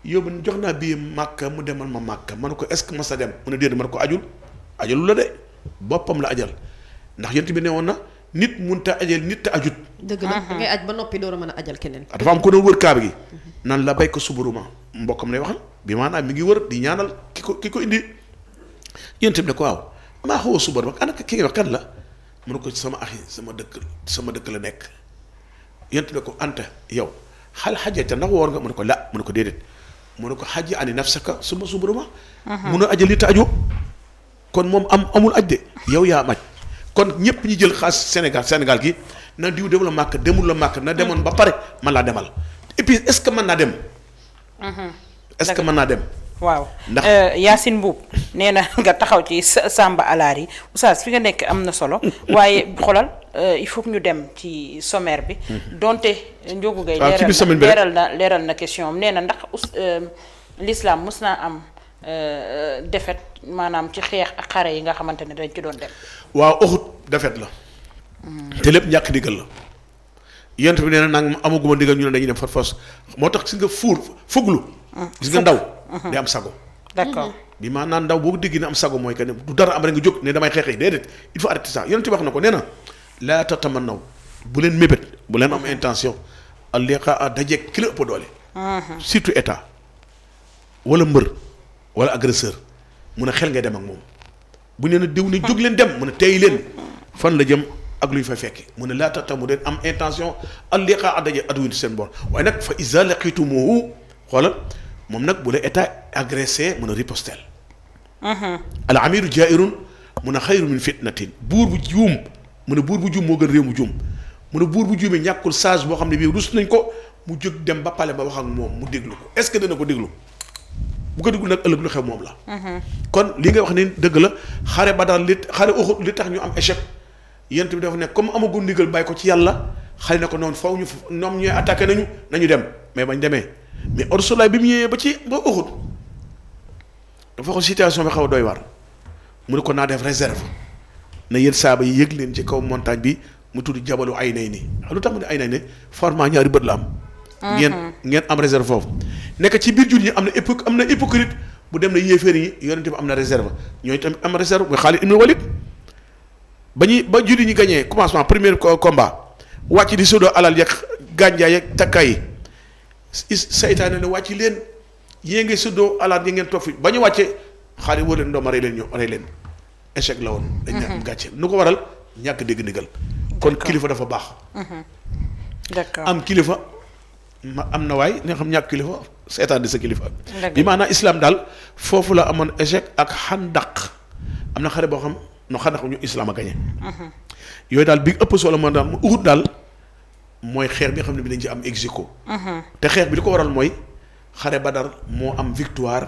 yow yóbbu jox naa bii màkka mu demal ma màkka man ko est-ce que ma sa dem mu na déedéet man ko ajul ajalu la de boppam la ajal ndax yent bi ne woon na nit mun ta ajal nit te ajut. dëgg la ngay aj ba noppi door a mën a ajal keneen. Ah, dafa am ko doon wër kaaba gi. nan la bay ko suburuma mbokkam lay waxal bi maanaam mi ngi wër di ñaanal ki ko ki ko indi ne ko a subar ba ana la mu ne ko sama axi sama dëkk sama dëkk la nekk yent bi ne ko yow xal xajata ndax woor nga mu ko la mu ne ko déedéet. mu ne ko xaj ani nafsaka suma subruma mun a ajali te ajoo kon moom am amul aj de yow yaa am aj kon ñëpp ñu jël xaas Sénégal Sénégal gi na diw dem la màkk demul la màkk na demoon ba pare man laa demal et puis est-ce que mën naa dem est-ce mën naa dem waaw ndax euh, Yacine Mbuub nee na nga taxaw ci Samba Alaar yi oustaz fi nga nekk am na solo waaye xolal Euh, il faut ñu dem ci sommaire bi. Mhm. donte Ndiogou Gueye. waaw ah, leeral na leeral na question am nee na ndax euh, lislaam mus naa am euh, défaite maanaam ci xeex ak xare yi nga xamante ne dañ ci doon dem. waaw Uhud defet la. Mm. te lépp ñàkk digal la. yent bi nee na nangam amaguma digal ñu ne dañuy dem far fas moo tax gis nga fuur fuglu. Mm. gis nga ndaw. Mm-hmm. day am sago. d'accord bi maanaam ndaw boo déggee ne am sago mooy que ne du dara am rek nga jóg ne damay xeexee déedéet il faut arrêter ça yent bi wax na ko nee laa tatamannaw bu leen mébét bu leen am intention al liqaa dajeeg ki la ëpp doole. Mhm. surtout état wala mbër wala agresseur mun a xel ngay dem ak moom bu ñu leen diw ni jóg leen dem mun a teey leen fan la jëm ak lu ñu fa fekke mun ne laa mu leen am intention al liqaa dajeeg aduwin seen bor waaye nag fa iza laqitumuhu xoolal moom nag bu la état agressé mun a ripostel mhm. al amiru jairun mun a xayru min fitnatin buur bu juum. mu ne buur bu juum moo gën réew mu juum mu ne buur bu juumee ñàkkul sage boo xam ne bii rus nañ ko mu jóg dem ba pale ba wax moom mu déglu ko est-ce que dana ko déglu bu ko déglu nag ëllëg lu xew moom la. Mm-hmm. kon li ngay wax ni dëgg la xare ba daal li xare Uhud li tax ñu am échec yent bi dafa ne comme amagum ndigal bàyyi ko ci yàlla xale ne ko noonu faw ñu noom ñooy attaqué nañu nañu dem mais bañ demee mais Ursulaay bi mu ñëwee ba ci ba Uhud dafa ko situation xaw a doy mu ne ko naa def réserve. na yéen saaba yi yëg leen ci kaw montagne bi mu tudd jabalu ay nay ni lu tax mu ne ay nay ni format ñaari bët la am. Mm-hmm. ngeen ngeen am réserve foofu. nekk ci biir jur ñi am na épo am na hypocrite bu dem na yéeféer yi yonent bi am na réserve ñoo tamit am réserve muy Xaalid ibn Walid ba ñuy ba jur ñi gagné commencement premier combat wàcc di sodoo alal yàq gànjaay yàq takkaay yi saytaane ne wàcc leen yéen ngi sodoo alaat yi ngeen toog fi ba ñu wàccee Xaalid wër leen doom a leen ñëw rey leen. échec la woon. Mhm. dañ ñàkk am gàcce nu ko waral ñàkk dégg ndigal kon kilifa dafa baax. Mhm. d'accord am kilifa ma am na waay ne xam ñàkk kilifa seetaan di sa kilifa. bi maanaa islam daal foofu la amoon échec ak xandaq am na xare boo xam no xandaq ñu a gagné. Mhm. daal bi ëpp solo moo daal mooy xeex bi xam ne bi dañ ci am ex aequo te xeex bi di ko waral mooy xare Badar moo am victoire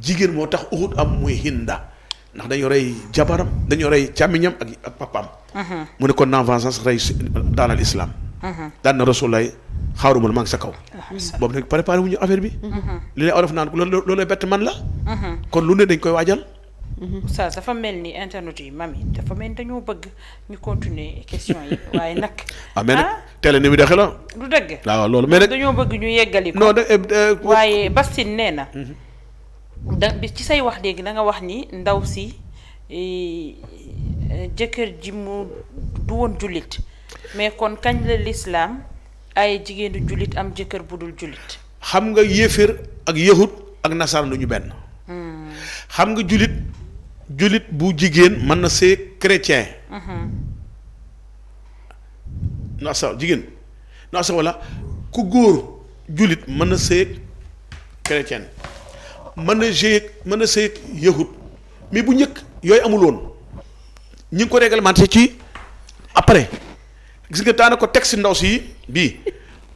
jigéen moo tax Uhud am muy Hinda. ndax dañu rey jabaram dañu rey càmmiñam ak ak papaam. Mhm. mu ne kon naa vengeance rey daanal islam. Mhm. daan na rasulaay xaaruma maa ngi sa kaw. Mhm. boobu nag préparé wuñu affaire bi. li lay olof naan ko loolu loolu bett man la. kon lu ne dañ koy waajal. Oustaz dafa mel ni internet yi mami dafa mel ni dañoo bëgg ñu continuer question yi waaye nag. ah mais nag ah? télé ni muy doxee la. du dëgg. waaw loolu mais nag dañoo bëgg ñu yeggali eh, eh, waaye Bastine nee na. da bi ci say wax léegi nanga wax ni ndaw si eh, jëkkër ji mu du woon jullit mais kon kañ la lislaam ay jigéenu jullit am jëkkër bu dul jullit xam nga yéeféer ak yahut ak nasaraan du benn hmm. xam nga jullit jullit bu jigéen mën na see chrétien hmm. nasa jigéen nasa wala ku góor jullit mën na see chrétien man a géeg mën a seeg yahut mais bu njëkk yooyu amul woon ñi ngi ko réglementé ci après gis nga daana ko teg si ndaw si bii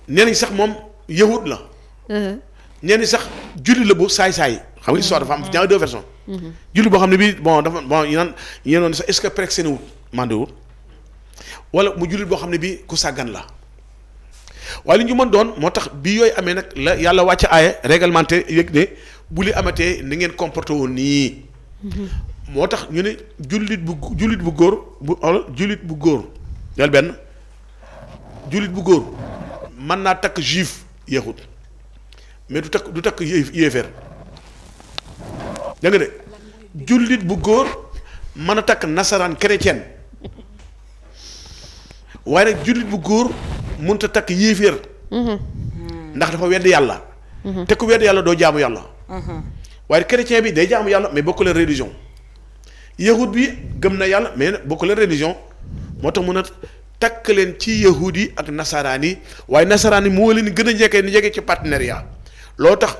nee nañ sax moom yahut la uh-huh. nee nañ sax julli la bu saay-saay xam nga histoire dafa am ñaari deux versions uh-huh. boo xam ne bii bon dafa bon yi yenoon sax est que prek seen wut wala mu jullit boo xam ne bii ku sàggan la waaye li ñu mën doon moo tax bii yooyu amee nag la yàlla wàcc aaye réglementé yëg ne bu li amatee ni ngeen comporté woon nii. moo tax ñu ne jullit bu jullit bu góor bu ol jullit bu góor yal benn jullit bu góor mën naa takk juif yeexut mais du takk du takk yéefeer dégg bu góor mën a takk nasaraan chrétien waaye nag jullit bu góor mënut a takk yéefeer mm-hmm. ndax dafa wedd yàlla mm-hmm. te ku wedd yàlla doo jaamu yàlla waaye chrétien bi day jaamu yàlla mais bokku leen religion yahud bi gëm na yàlla mais bokku leen religion moo tax mun a takk leen ci yahud yi ak nasaraan yi waaye nasaraan yi moo leen gën a jege ni jege ci partenariat loo tax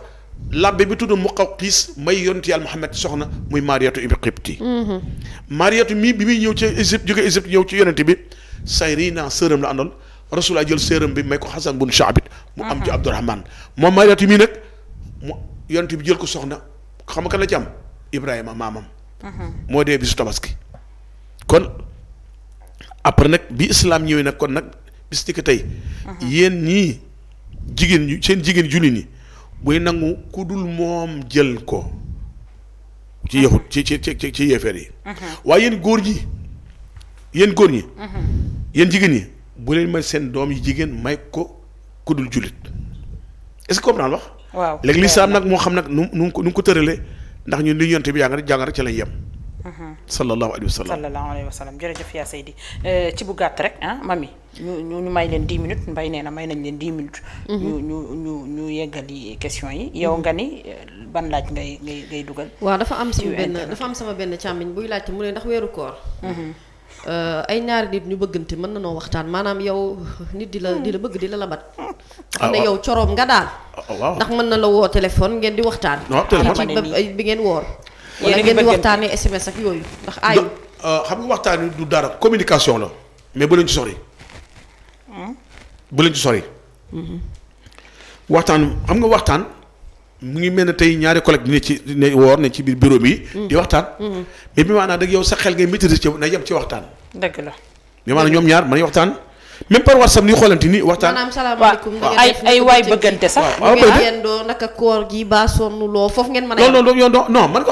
labbe bi tudd Muqawqis may yontu yàlla Muhammad soxna muy Mariyatu Iqibti Mariyatu mii bi muy ñëw ci Égypte jóge Égypte ñëw ci yonente bi Sayrina sërëm la àndoon Rasulullah jël sërëm bi may ko Xasan bun Shaabit mu am ci Abdurahman moom Mariyatu mii nag yonent bi jël ko soxna xam nga kan la ci Ibrahima maamam. moo dee bisu tabaski. kon après nag bi islam ñëwee nag kon nag bis ni ko tey. yéen ñi jigéen ñu seen jigéen julli nii buy nangu ku dul moom jël ko. ci yahut ci ci ci ci yeefeer yi. waaye yéen góor ñi yéen góor ñi. yéen jigéen ñi bu may seen doom yi jigéen may ko ku jullit est-ce que wax. waaw léegi lislaam nag moo xam nag nu nu ko nu ko tëralee ndax ñun li yonte bi yaa nga jàngat ci lañ yem. Mhm. sallallahu alayhi wa sallam sallallahu alayhi wa sallam jërëjëf yaa Seydi eh, bu gàtt rek ah mami ñu ñu may leen 10 minutes mbay nee na may nañ leen 10 minutes. Mhm. ñu ñu ñu ñu yeggali question yi yow mhm. nga ni ban laaj ngay ngay dugal. waaw dafa am sama benn dafa am sama benn càmmiñ buy laaj mu ne ndax weeru koor. Euh, ay naar ñaari nit ñu bëggante mën na noo waxtaan maanaam yow nit di la di la bëgg di la la labat. xam ne ah, yow ah. coroom nga daal. Ah, ndax mën na la woo téléphone ngeen di waxtaan. waaw téléphone bi ngeen woor. wala ngeen di waxtaanee SMS ak yooyu ndax aayu. Euh, xam nga waxtaan wi du dara communication la mais bu leen ci sori. Hmm? bu leen ci sori. Mhm. waxtaan xam nga waxtaan. mu ngi mel ne tey ñaari bi ne ci ne woor ne ci biir bureau bi. Mm. di waxtaan. Mm-hmm. mais bi maanaam dëgg yow sa xel ngay maîtriser ci na yem ci waxtaan. dëgg la ma na ñoom ñaar mën waxtaan. même par whatsapp ni xoolante ni waxtaan. maanaam salaamaaleykum ay ay waay bëggante sax. waaw waaw naka koor gi baa sonn loo foofu ngeen mën a. non non non non man a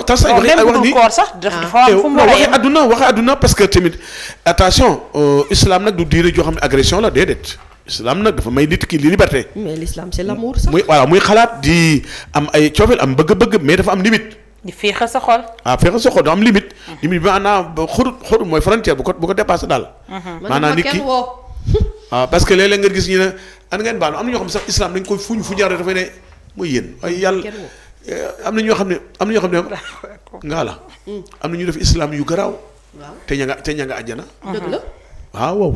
waxee adduna waxee adduna parce que tamit attention euh, islam nag du diire joo xam ne agression la déedéet. islam nag dafa may nit ki li liberté. mais l'islam c'est l'amour sax. muy voilà muy xalaat di am ay coofeel am bëgg-bëgg mais dafa am limite. di féexal sa xol. ah féexal sa xol doo am limite. Mm-hmm. limite bi maanaam xurut xurut mooy frontière bu ko bu ko dépassé daal. Mm-hmm. maanaam nit ki waaw ah, parce que léeg-léeg nga gis ñu ne an hmm, eh, am na ñoo xam ne am na ñoo xam ne ngaa la hmm. am na ñu def islam yu garaaw te ña nga te ña nga àjjana dëgg la waaw hmm. ah, waaw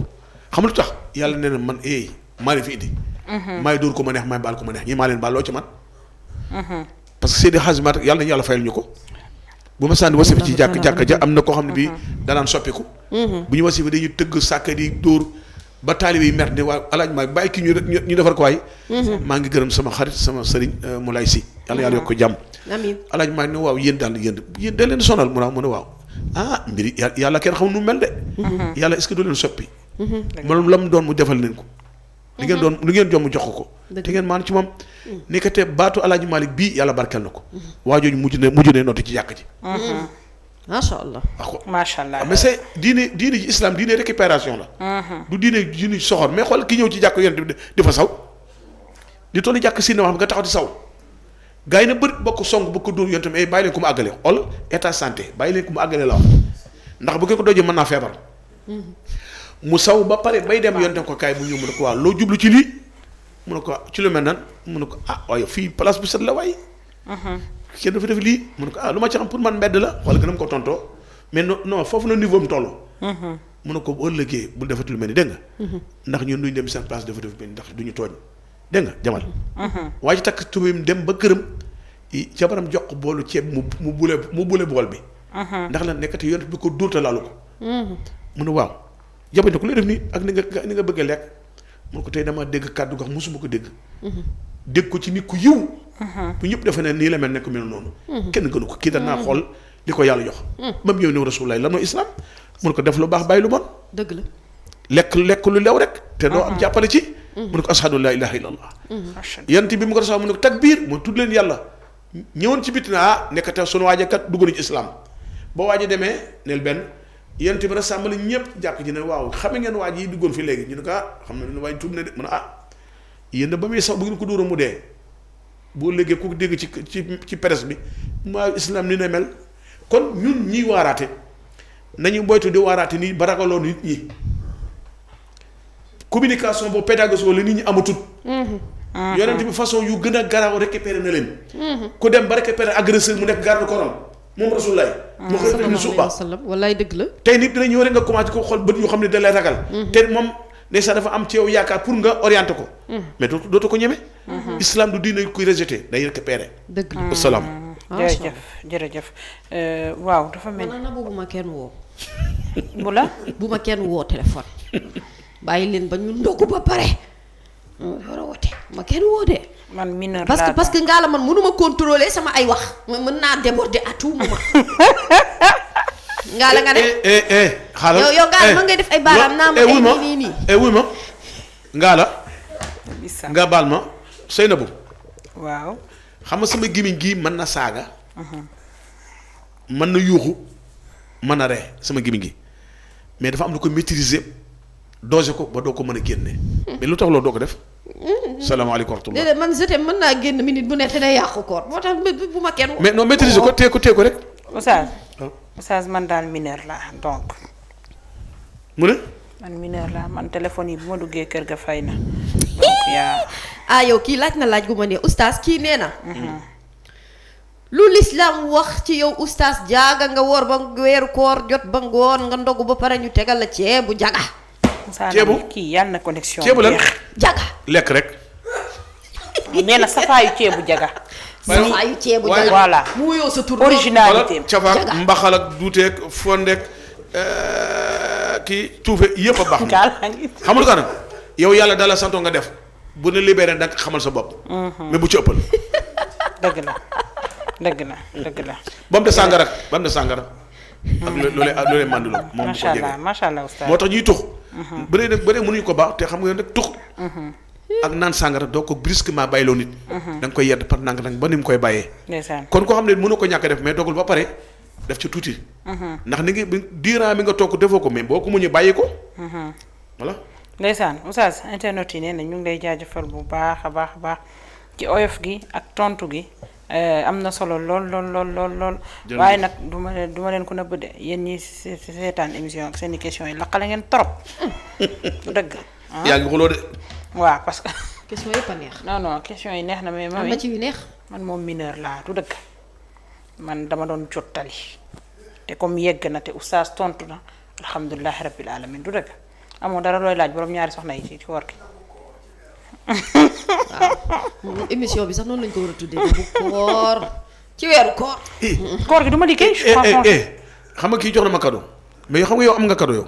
xam lu tax yàlla nee man eey eh, maa leen fi indi maay dóor ko ma neex maay baal ko ma neex ñi maa leen baal loo ci man parce que Seydi Hadji Malick yàlla nañu yàlla fayal ñu ko bu ma sànni wasif ci jàkk jàkk ja am na koo xam ne bii danaan soppiku bu ñu wasif dañuy tëgg sàkk di dóor ba taalibe yi mer ne waa alaaj maa bàyyi kii ñu ñu defar ko waay mhm. maa ngi gërëm sama xarit sama sëriñ euh, Moulay Si yàlla yàlla yokk ko jàmm mhm. amiin alaaj maa ne waaw yéen daal yéen yéen da leen sonal mu a mu a waaw ah mbiri yàlla kenn xam nu mel de mhm. yàlla est du leen soppi moom lam doon mu defal leen ko li ngeen doon li ngeen jom mu jox ko te ngeen maan ci moom nekkate baatu alaaji Malick bii yàlla barkeel na ko waa jooju mujj ne mujj ne notti ci macha allah ah, macha allah ah, mais c'est diine diine ji islam diine récupération la. Mm-hmm. du diine diine soxor mais xool ki ñëw ci jàkk yonent bi di fa saw. di toll jàkk si ne xam nga taxaw di saw gars yi bokk song bokk ko dóor yonent bi eh, bàyyi leen ko mu àggale xool état santé bàyyi leen ko mu àggale la wax ndax bu ngeen ko dojee man naa feebar. Mm-hmm. mu saw ba pare bay dem yonent ko kaay mu ñëw mu ne ko waaw loo jublu ci lii mun ne ko ci lu mel mun mu ne ko ah waaye fii place bu set la waay. Mm-hmm. kenn dafa def lii mu ne ko ah lu ma ci xam pour man mbedd la xool gën a ko tontoo mais non non foofu la niveau am toll. Mm-hmm. mu ne ko bu ëllëgee bul defati lu mel ni dégg nga. Mm-hmm. ndax ñun duñ dem seen place dafa def mel ni ndax duñu tooñ dégg nga jamal. Mm-hmm. waaye ci takk tubéem dem ba këram jabaram jox boolu ceeb mu mu bule mu bule bool bi. ndax la nekkati yoon bi ko dóor te ko. mu ne waaw jabar ne ko lu def nii ak ni nga ni nga bëggee lekk mu ko tey damaa dégg kàddu gox mosuma ko dégg. dégg ko ci nit ku yiw. bu ñëpp defe ne nii la mel nekk mel noonu. kenn gënu ko kii danaa xool li ko yàlla jox. ba mu ñëw ne rasulullaay lan mooy islam mun ko def lu baax bàyyi lu bon. dëgg la lekk lekk lew rek. te doo am ah. jàppale ci. Mm-hmm. mun ko ashadu laa ilaha mm-hmm. bi mu ko rasul mun ko takbiir mu tudd leen yàlla. ñëwoon ci biti na ah nekk te sunu waajee kat dugg nañu islam boo waajee demee neel benn yant bi rassemble ñëpp jàkk ji ne waaw xam ngeen waaj yi duggoon fi léegi ñu ne ko ah xam nañu ne waaj tuub na de mun a ah yéen ba muy sax bu ngeen ko dóora mu dee boo léegi ku dégg ci ci ci presse bi maa islam ni ne mel kon ñun ñiy waaraate nañu moytu di waaraate nii ba ragaloo nit ñi communication boobu pédagogie boobu la nit ñi amatut. Mm-hmm. yonent bi façon yu gën a garaaw récupéré na leen. Mm-hmm. ku dem ba récupéré agresseur mu nekk garde corps moom rasulullah. mu xëy na mu suuba wallaay dëgg la. tey nit dina ñëw rek nga commencé ko xool bët yoo xam ne da lay ragal. Mm-hmm. te moom ndeysaan dafa am ci yow yaakaar pour nga orienté ko. mais dootu dootu ko ñeme. Uh-huh. islam du diine kuy rejeté day récupéré. dëgg la salaam. Ah, mm-hmm. jërëjëf jërëjëf euh, waaw dafa mel. man nag bu ma kenn woo. bu la bu ma kenn woo téléphone. bàyyi leen ba ñu ndogu ba pare. war a ma kenn woo de. man parce que parce ngaa la man mënu ma contrôler sama ay wax. mën naa déborder à nga ne. Eh, eh, eh, xaaral mën def ay baaraam naa ma ay nii nii ma ngaa la. nga baal ma. Seynabou waaw xam nga sama gémmiñ gi mën na saaga uh-huh. man na yuuxu mën na ree sama gémmiñ gi mais dafa am lu ko maîtriser doose ko ba doo ko mën a génne hmm. mais lu tax loolu doo ko def hmm. salaamaaleykum wa rahmatulah man jeté mën naa génn minit bu ne te day yàqu koor moo tax bu ma kenn mais non maîtriser ko oh. téye ko téye ko rek Oustaz Oustaz man daal mineur laa donc mu ne man mineur laa man téléphone yi bu ma duggee kër ga fay na ah yow kii laaj na laaj gu ma ne oustaz kii nee na. Mm-hmm. lu lislaam wax ci yow oustaz jaaga nga woor ba weeru koor jot ba ngoon nga ndogu ba pare ñu tegal la ceebu jaga. ceebu kii yàlla na connexion ceebu lan jaga lekk rek. nee na safaayu ceebu jaga. safaayu mu wuyoo sa tur originalité cafaak mbaxal ak duuteeg fondeeg euh, kii tuufe yëpp a baax. xam nga lu yow yàlla dala santoo nga def. bu ne libéré nag xamal sa bopp. Mm-hmm. mais bu ci ëppal. dëgg la dëgg la dëgg la. ba mu de sàngara ba mu de sàngara. ak loolee loolee mandiloo. moom bu ko jege macha moo tax ñuy tux. Mm-hmm. bu dee nag bu dee mënuñu ko baax te xam nga yoon rek tux. Mm-hmm. ak naan sàngara doo ko brusquement loo nit. da nga koy yedd par nang nang ba ni mu koy bàyyee. kon koo xam ne mënu ko ñàkk def mais dogul ba pare def ci tuuti. ndax ni nga diiraa mi nga toog defoo ko mais boo ko muñee bàyyi ko. ndeysaan oustaz internet yi nee na ñu ngi lay jaajëfal bu baax a baax a baax ci oyof gi ak tontu gi eh, am na solo lool lool lool lool waaye nag du ma leen du ma ku ko nëbb de yéen seetaan émission ak seen i questions yi la ngeen trop dëgg ah. yaa ngi xuloo de waaw parce que question yëpp a neex non non question yi neex na mais ma ci yu man moom mineur laa du dëgg man dama doon jottali te comme yegg na te oustaz tontu na alhamdulilahi rabbil alamin du dëgg amoo dara looy laaj borom ñaari soxna yi ci ci woor ah. bi sax noonu lañ ko a tuddee bu ci weeru koor. Eh. koor gi du ma liggéey. Eh, eh, xam nga kii jox na ma cadeau mais yow xam nga yow am nga cadeau yow.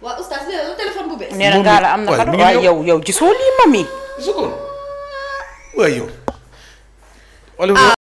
waa oustaz nee na téléphone bu am na cadeau waaye yow yow gisoo lii ko waaye yow.